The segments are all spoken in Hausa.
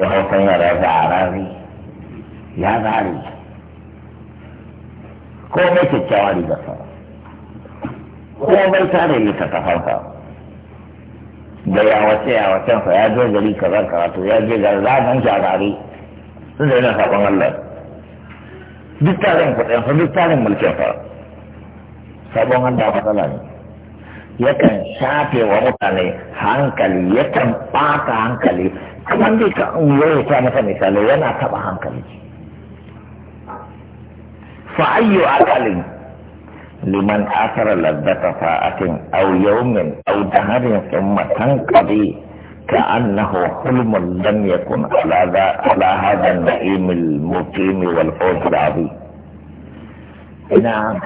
da hausa yana da zarari ya zari ko mai kyakkyawa rigarsa ko bai tare littattafansa da yawace wace ya je gari kazan karatu ya je gari zagan shagari sun da yana saƙon Allah duk tarin kuɗinsa duk tarin mulkinsa sabon Allah matsala ne yakan shafe wa mutane hankali yakan ɓata hankali kamar dai ka ungoye ta maka misalai yana taɓa hankali fa ayyu aqalin liman asara laddata fa'atin aw yawmin aw daharin thumma tanqadi كأنه حلم لم يكن على ذا على هذا النعيم المقيم والفوز العظيم. إنا عنك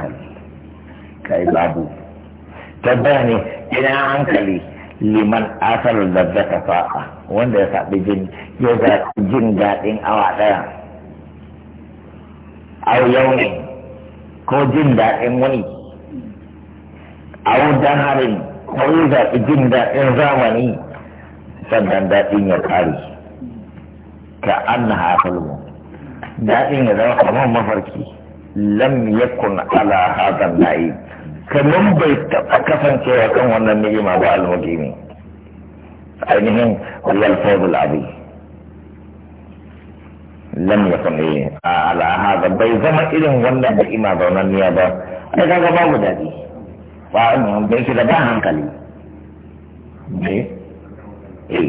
كي لابو تباني إنا عنك لي liman asar zaka fa'a wanda ya saɓi jin ya ga jin daɗin awa ɗaya au ne ko jin daɗin wani au daharin ko ya zaɓi jin daɗin zamani sannan daɗin ya ƙare ka an na mu, daɗin ya zama kamar mafarki lam yakun ala hadan na'ib kamar bai taɓa kasancewa kan wannan ni'ima ba al-muqimi ainihin wal fawzul azim lam yakun li ala hada bai zama irin wannan ni'ima ba wannan niya ba ai kaga babu dadi ba an bai shi da ba hankali ne eh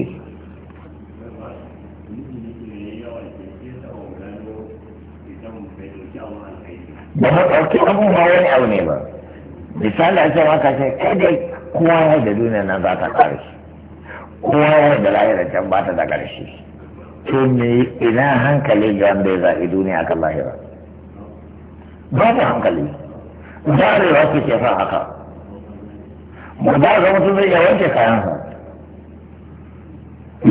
ba mu ɗauki abubuwa wani abu ne ba misali a ce maka ce kai dai kowa ya da duniya nan za ta kare shi kowa ya da lahira can ba ta da ƙarshe to me ina hankali ga wanda ya zaɓi duniya kan lahira ta hankali zarewa su ke sa haka mu ba ga mutum zai iya wanke kayansa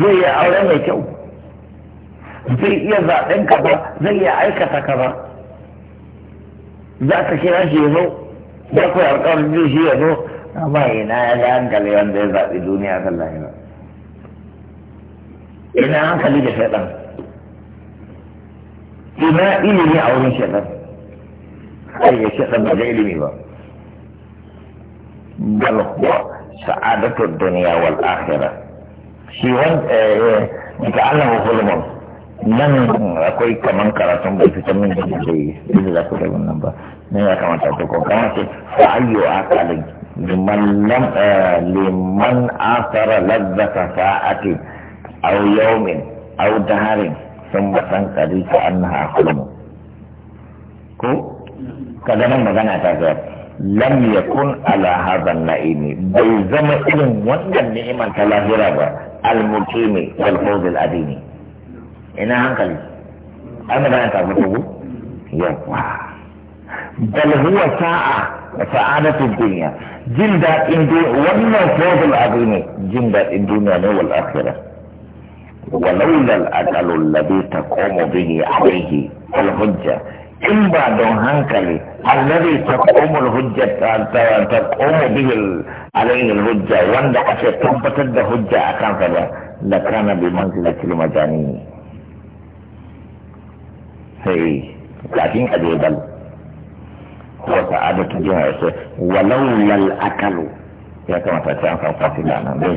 zai iya aure mai kyau zai iya zaɓen ka ba zai iya aikata ka ba za ka kira shi ya zo da kuwa alƙawarin zai shi ya zo amma ina ya ga hankali wanda ya zaɓi duniya kan lahira ina hankali da shaɗan ina ilimi a wurin shaɗan kai ya shaɗan ba da ilimi ba bal huwa sa'adatul duniya wal akhirah shi wanda ta'allahu eh, eh, hulmun nan akwai kaman karatun bai fita min da ke da za ku rabin nan ba ne ya kamata ku ko kama ce fa ayyu aqalin liman lam eh, liman asara ladzata sa'ati aw yawmin aw daharin thumma tanqadi ta annaha khulum ko kada nan magana ta ga lam yakun ala hadha na'imi bai zama irin wannan ni'imar ta lahira ba al mutimi wal fawz al-adini ina hankali ai magana ta fito ku yawa bal huwa sa'a wa sa'adatu dunya jin daɗin duniya wannan fadl abu ne jin daɗin duniya ne wal akhirah ولولا الأقل الذي تقوم به عليه الحجة in ba don hankali allazi taqumu alhujja taqumu bihi alayhi alhujja wanda ake tabbatar da hujja akan sa ba la kana bi manzilati almajani sai kafin ka je bal ko ta jin rasu walau lal akalu ya kamata ta an kafa fila nan zai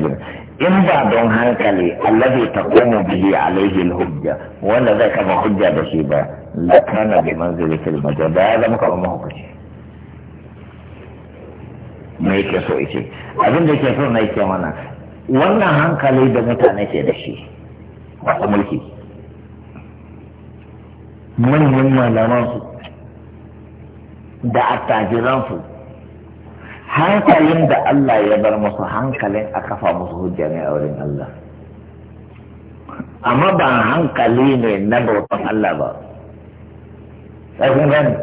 in ba don hankali allazi taqumu bihi alayhi alhujja wanda zai kama hujja da shi ba la kana bi manzili fil majal da ya zama kamar mahukaci me yake so yace abin da yake so na yake mana wannan hankali da mutane ke da shi masu mulki manyan malamansu da attajiransu hankalin da Allah ya bar musu hankalin a kafa musu hujja ne a wurin Allah amma ba hankali ne na bautan Allah ba sai kun gani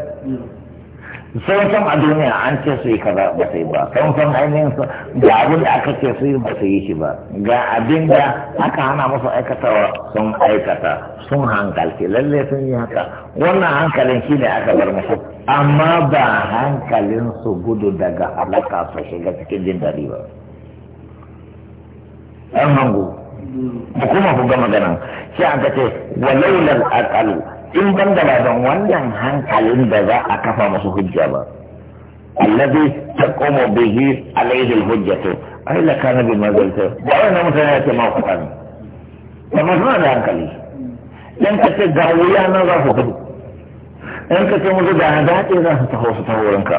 sun a duniya an ce su yi kaza ba su yi ba sun san ainihin su ga abin da aka ce su yi ba su yi shi ba ga abin da aka hana musu aikatawa sun aikata sun hankalci lalle sun yi haka wannan hankalin shi ne aka bar musu amma ba hankalin su gudu daga halaka su shiga cikin jin daɗi ba ɗan hango kuma ku ga maganan shi aka ce walaulal aqalu in ban da ban wannan hankalin da za a kafa musu hujja ba allazi taqumu bihi alayhi alhujjatu ai la kana bi mazalta da wannan mutane ya ce ma ku kan amma suna da hankali dan ka ce ga wuya na za su gudu dan ka ce musu da daɗe za su taho su taho wurinka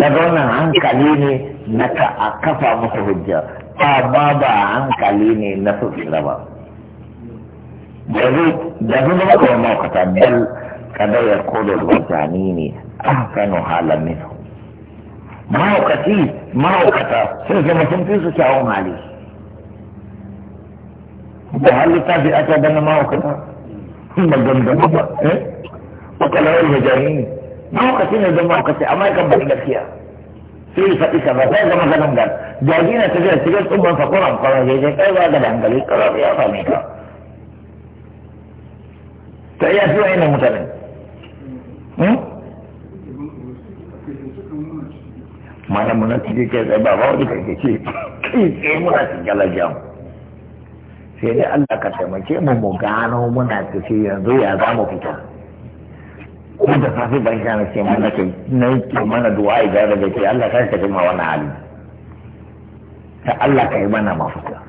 daga wannan hankali ne na ka a kafa musu hujja amma ba hankali ne na su tsira ba جديد ده ما هو موقع بل كذا يقول الوجعانين أحسن حالا منه ما هو كثير ما هو كتا سيجي ما تنفيسه شعوم عليه وهل لتابي أتبنى ما هو كتا هم الجمدمة إيه وكلاو المجانين ما هو كثير ده ما هو كثير أما يكبر لك sai faɗi kaza sai zama ganin gar jaji na tafiya cikin tsumman sa kuran kwanan jeje kai ba ga dangane karar ya same ka ta iya fi wa'in mutane hmm? mana muna cikin kai tsaye ba ba wani kai ce kai tsaye muna cikin lajiyan sai dai Allah ka taimake mu mu gano muna cikin yanzu ya za mu fita ko da safi ban sha na ce mana kai na yake mana du'a idan da ke Allah ka taimaka wannan hali ta Allah ka yi mana mafita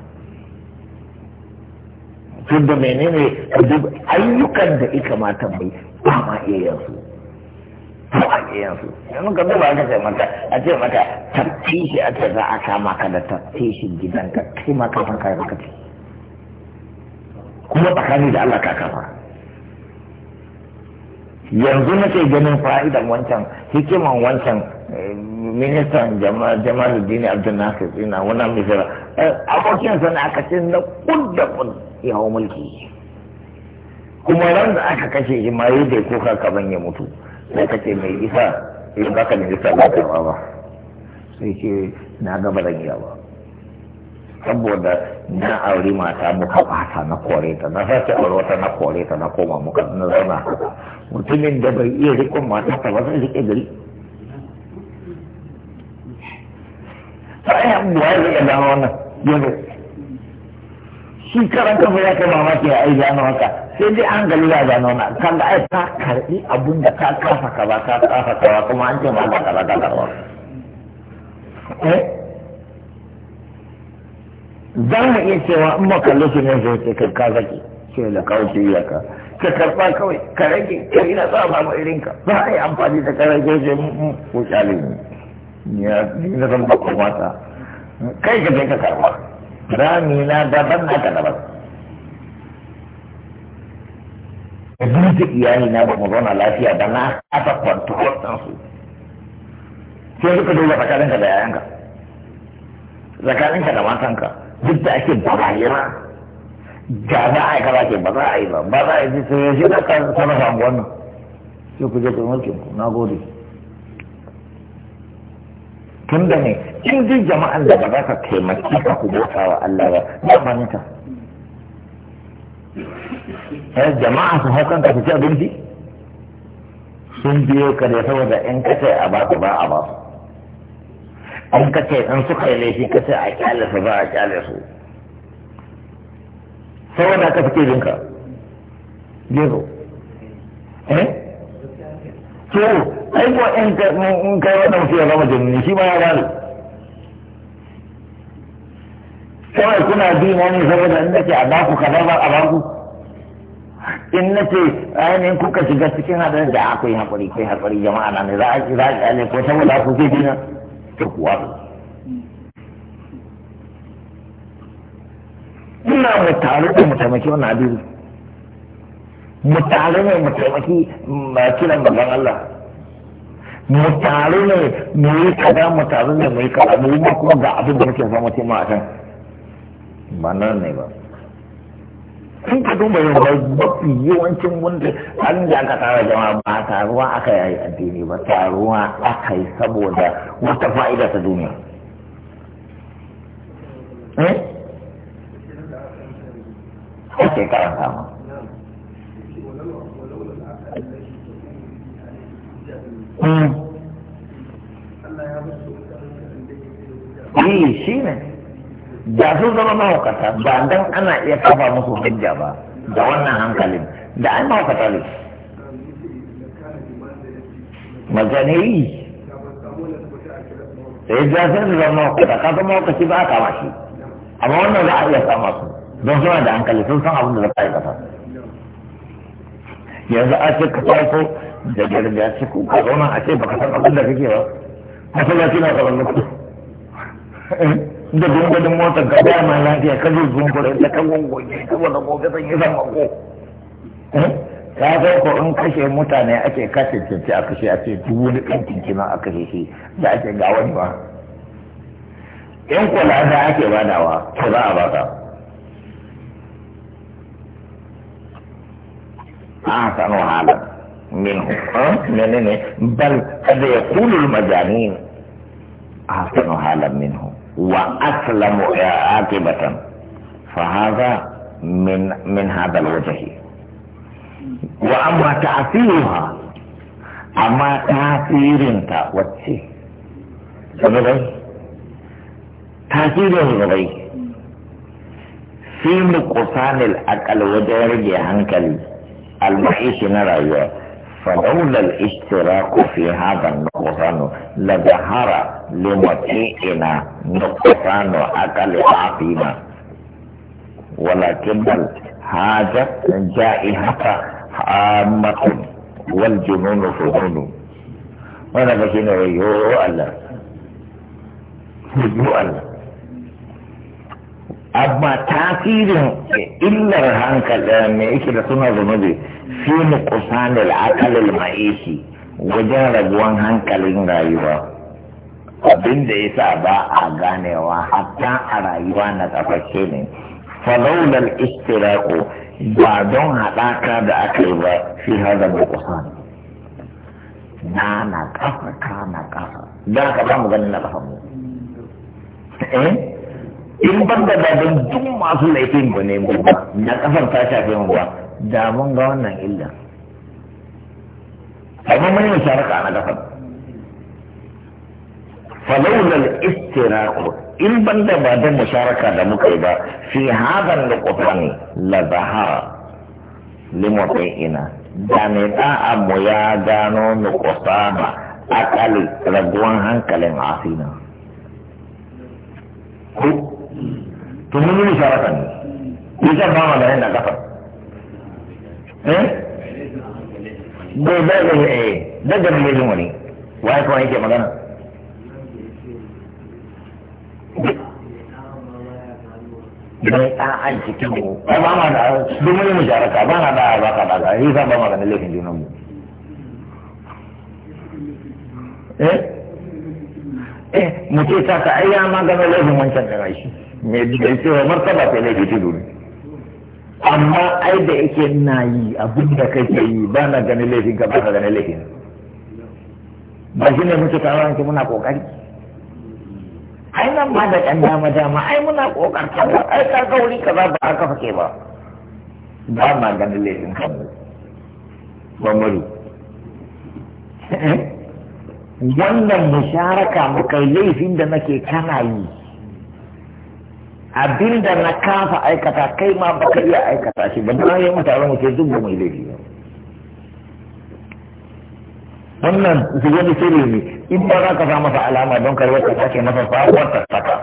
duk da menene duk ayyukan da ika ma tambayi. ba ma iya yansu ba ma iya yansu yanzu ka duba aka ce mata a ce mata taftishi a ce za a kama ka da taftishin gidanka kai ma ka san ya kace kuma tsakani da Allah ka kama yanzu nake ganin fa'idan wancan hikiman wancan eh, ministan Dini abdulnasir ina wannan misira eh, abokin sana aka ce na kudda kun ya hau mulki kuma ran da aka kashe shi ma yi da kuka kaban ya mutu sai ka ce mai isa in eh, baka da isa ba ba sai ce na gaba zan ba saboda na auri mata muka bata na kore ta na sace aure wata na kore ta na koma muka na zauna mutumin da bai iya rikon mata ta ba zai rike gari sai an buwa ya rike dama wannan yanzu shi karan kafa ya kai mamaki ya aiki na haka sai dai an gali ya gano na kan da ai ta karbi abun da ka kafa ka ba ka kafa ka ba kuma an ce ma ba ka ba ka ba eh za mu iya cewa in ba kalli su ne su ce ka kaza ke? ce da kauce ya ka ka karba kawai ka rage yi. ina za a samu irin ka za a yi amfani da karar ce mu ko kyale ne ya na san bakon mata kai ka je ka karba yi na daban na ka daban idan ta iyali na ba mu zauna lafiya da na aka kwanta kwantansu sai suka dole tsakaninka da yayanka tsakaninka da matanka duk da ake ba a yi ba ga ba a yi ke ba za a yi ba ba za a yi sai ya shi na kan sama samu wannan sai ku je ku mulkin ku na gode tun da ne in duk jama'an da ba za ka taimaki ka ku bauta wa Allah ba ba maninka eh, jama'a su hau kanka su ci abinci sun biyo ka da saboda in kace a ba ku ba a ba su an ka ce suka ne shi ka ce a kyale su ba a kyale su sai wanda ka fice jinka gero eh to ai ko in ka in ka wannan mutum ya zama jinni shi ma ya gane kawai kuna bi na ne saboda in nake a baku ka ba a baku in nace ainihin kuka shiga cikin hadarin da akwai hakuri kai hakuri jama'a na ne za a za a ko saboda ku ke dina takuwa muna mu taru ko mu wannan abiru mu tare ne mu taimaki mm, kiran babban Allah mu tare ne mu yi kada mu tare ne mu yi kada mu yi kuma ga abin da muke zama tema a kan ba nan ne ba sai ka duba yau ba mafi yawancin wanda an da aka tara jama'a ba taruwa aka yi addini ba taruwa aka yi saboda wata fa'ida ta duniya eh ake karanta ma Mm. shi ne. da sun zama mahaukata ba dan ana iya kafa musu hujja ba da wannan hankalin da ai mahaukata ne majanayi sai da sun zama mahaukata ka zama mahaukaci ba a kama shi amma wannan za a iya kama su don suna da hankali sun san abin da za a yi kafa yanzu a ce ka farko da gargajiya ce ku, ka zauna a ce ba ka san abin da kake ba masallaci na kaban lokaci da gungunin motar ka ba ma lafiya ka zo zungure ta ka gungunye wani gobe zan yi zan mako. Eh? ka zo ko in kashe mutane ake kashe cinci a kashe a ce duk na ɗan cinci ma a kashe shi da ake ga wani ba in kula da ake badawa ko za a baka eh? ne bal kada ya بل قد a المجانين أعطى min منه وأسلم عاقبة فهذا من من هذا الوجه وأما تأثيرها أما تأثير تأثير تأثير تأثير في مقصان الأقل وجه رجي هنكل المعيش نرى فلولا الاشتراك في هذا النقصان لظهر لمتيئنا نقصان أقل عظيما ولكن الحاجة جائحة عامة والجنون فضول وانا بشين يو الله يو الله أما تأثير إلا الهانك الآن إيش لسنة ذنوبي fi nuqsanil aqlil ma'isi wajen rabuwan hankalin rayuwa abin da sa ba a ganewa hatta a rayuwa na tsafashe ne falawlal istiraqu ba don haɗaka da aka yi ba fi hada nuqsan na na kafa ka na kafa da ka ba mu ganin na kafa mu eh in ban da babban duk masu laifin mu ne mu ba na kafar ta shafe mu ba da mun ga wannan illa amma mun yi sharaka na dafa falawla al-istiraqu in banda ba da musharaka da muka yi ba fi hadan luqfan la zahara limuqina da mai da'a mu ya gano nuqsana akali raguwan hankalin asina ko to mun yi sharaka ne Bisa ba ma da yana gafar. bai bai bai eh daga mai wa ya kawai yake magana mai ɗa'an cikin mu ai ba ma da Dumuni mu jaraka ba na da alaka da ga yi ba ma magana laifin junan mu eh eh mu ce ta ka ai eh, ya magana laifin wancan da rashi mai da cewa martaba ta laifi tudu ne amma ai da yake na yi abin da kake yi ba na gani laifin ka ba na gani laifin ba shi ne muke tawa ke muna kokari ai nan ma da kan dama dama ai muna kokarta ba ai ka ga wuri kaza ba aka fake ba ba ma gani laifin ka ba mari eh? wannan musharaka mu kai laifin da nake kana yi abinda na kafa aikata kai ma baka iya aikata shi ba don yi mata zama ce duk da mai laifi wannan wani sirri ne in ba za ka sa masa alama don karwar ka sake masa sabuwar ta saka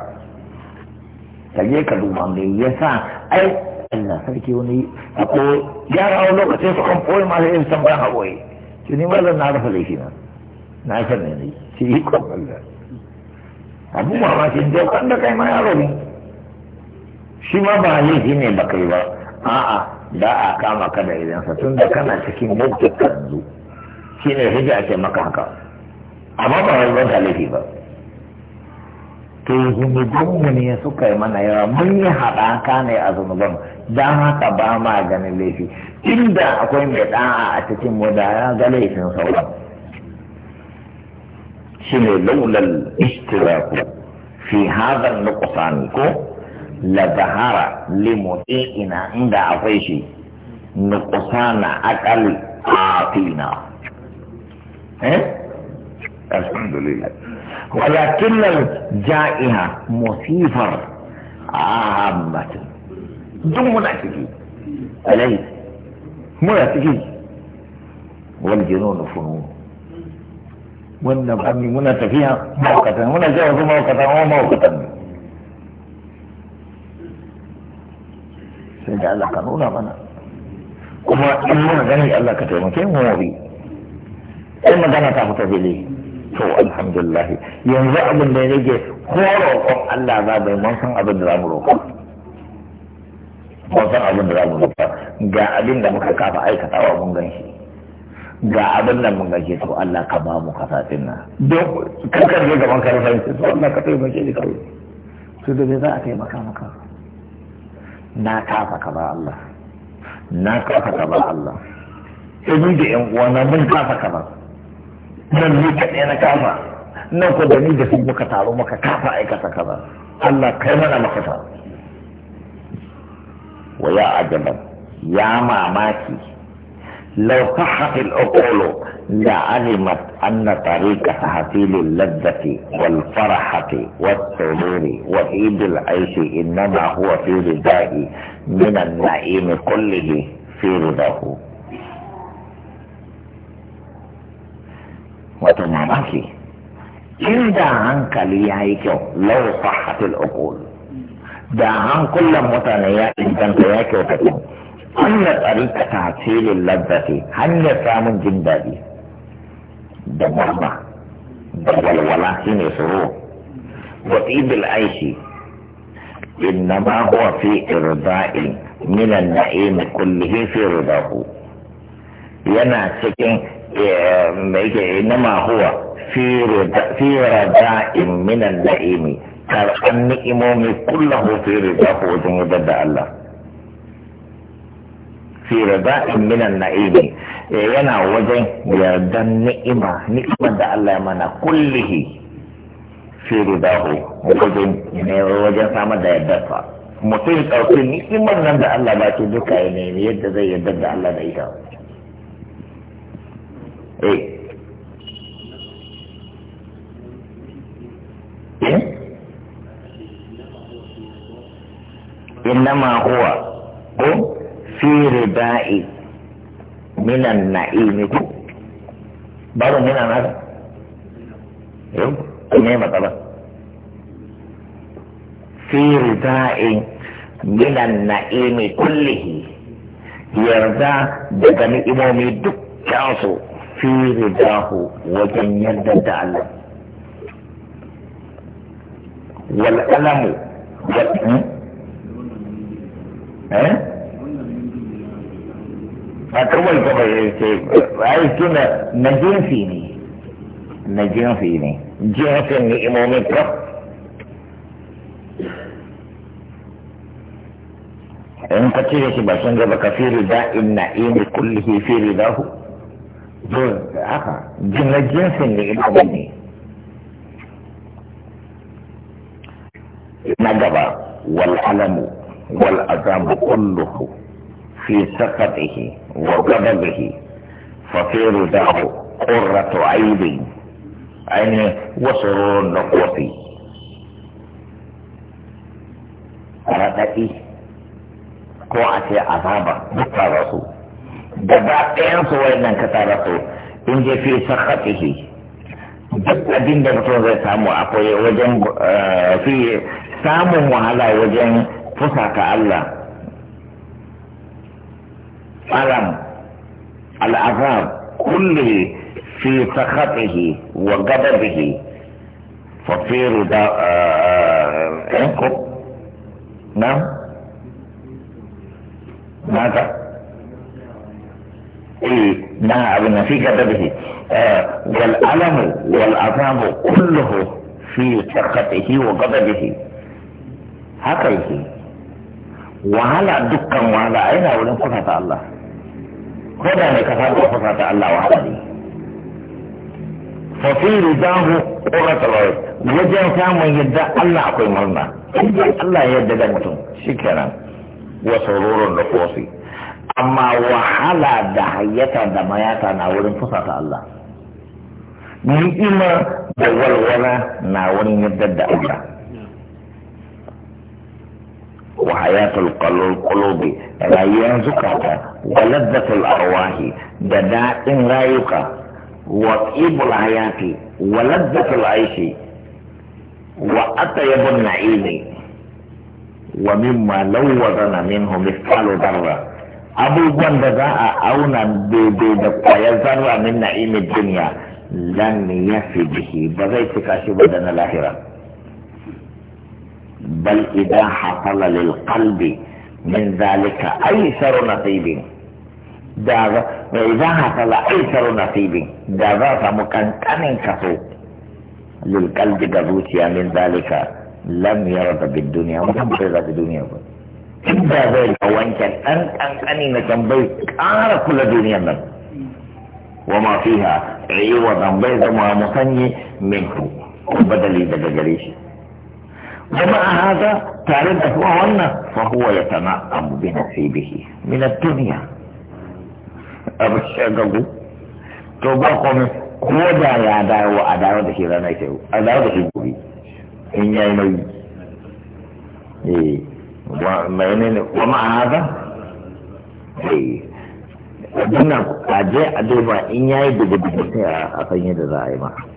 ka je ka duba me yasa ai Allah sarki wani a ko gyara wani lokacin su kan koyi masu yin tambayan haƙoyi ki ne mazan na rasa laifi na na san ne ne shi yi kwan Allah abu shi in dai da kai ma yaro ne shi ma ba laifi ne ba kai ba a'a da a kama ka da idansa tun da kana cikin mulki kanzu shi ne a ce maka haka amma ba wani ban laifi ba to zunubanmu ne suka yi mana yawa mun yi haɗaka ne a zunuban da haka ba ma ganin laifi inda akwai mai ɗa'a a cikin mu da ya ga laifin sauran shi ne laulal istiraku fi hadar nuqsan ko la zahara limu'ina inda akwai shi nuqsana a afina eh alhamdulillah walakin al-ja'iha musifar ahammatu duk muna ciki alai muna ciki wal jinun funun wannan fanni muna tafiya maukatan muna jawo maukatan wa maukatan sai da Allah ka nuna mana kuma in muna gani Allah ka taimake mu mu bi sai magana ta fita dai to alhamdulillah yanzu abin da yake koro kon Allah za bai mun san abin da za mu roƙa mun san abin da za mu roƙa ga abin da muka kafa aikatawa mun gan shi ga abin da mun gaje to Allah ka ba mu kasafin nan don kankan ne gaban karfin to Allah ka taimake ni kawai su da za a taimaka maka na kafa ka ba Allah na kafa ka Allah sai da yan uwana mun kafa ka ba nan ni kaɗai na kafa nan ko da ni da su muka taro muka kafa aikata ka ba Allah kai mana makasa wa ya ajaban ya mamaki lau sahhatil uqulu la alimat أن طريق تحصيل اللذة والفرحة والسرور وعيد العيش إنما هو في رداء من النعيم كله في رضاه وتمامكي إن دا عنك ليعيك لو صحت العقول دا عن كل متنيات ياك وكتب أن طريق تحصيل اللذة هل من جندادي dabama da walwala shi ne tsoro wa ibil aishi inna ma huwa fi irda'in min an-na'im kullihi fi ridahu yana cikin eh, mai ke inna ma huwa fi rida'in min an-na'im karɓar ni'imomi kullahu fi ridahu wajen yadda Allah fi rida'in min an Eh, yana wajen yardan ni'ima ni'imar da Allah ya mana kullihi fi ridahu wajen wajen samar da yardarsa mutum ɗauki ni'imar nan da Allah ba ce duka ya nemi yadda zai yarda da Allah da ita إنما هو في ردائي minan na'imi ko babu minan haka yau ne matsala fi rida'in minan na na'imi kullihi yarda daga ni ni'imomi dukkansu fi ridahu wajen yarda da Allah wal alamu hmm? wal eh ba kawai ta bai ce ai tuna na jinsi ne na jinsi ne jinsin ni'imomin kaf in ka cire shi ba sun gaba ka fi rida in na'imi kullihi fi ridahu zo haka na jinsin ni'imomin ne na gaba wal alamu wal azamu kulluhu fi saqatihi وغضبه فطير داه قرة عيد عين وسرور نقوتي رأتي قوعتي عذابا بطارته دبا قيانس وإنن كتارته إن جي في سخطه duk abin da mutum zai samu akwai wajen fi samun wahala الألم العذاب كله في سخطه وغضبه ففي رضا انكم آه، آه، آه، إيه؟ نعم ماذا ايه نعم في غضبه والألم والعذاب كله في سخطه وغضبه هكذا وعلى دكا وعلى عينه ولم يكن هذا الله ko da mai kasa da fasa ta Allah wa haɗari fasiru dahu ƙoratar wajen samun yadda Allah akwai murna inda Allah ya yarda da mutum shi kenan wa sauraron da kosi amma wahala da hayyata da mayata na wurin fasa ta Allah ni'ima da walwala na wurin yadda da Allah wa hayatul qulub rayuwar zukata ولذة الأرواح دداء رايقة وطيب الحياة ولذة العيش وأطيب النعيم ومما لوضنا منه مثقال ذرة أبو أبوبان ذا أونا بيدي ذرة من نعيم الدنيا لن يفي به بغيت كاشف بدن الآخرة بل إذا حصل للقلب من ذلك أيسر نصيب da za a fala aisar nasibin da za a samu kankanin kaso lilkal daga zuciya min zalika lam yarda bid duniya mutum bai zaɓi duniya ba in da zai ga wancan ɗan kankani na can bai ƙara kula duniyar nan wa ma fiha iwadan bai zama musanyi minhu badali daga gare shi ومع هذا تعرف هو هنا فهو يتنعم بنصيبه من الدنيا abu shagagu to ba komai ko da ya dawo a dawo da shi ranar ta a dawo da shi gobe in ya yi nauyi eh mai ne wa ma'aza eh wannan a je a duba in ya yi daga dubu sai a za a yi masa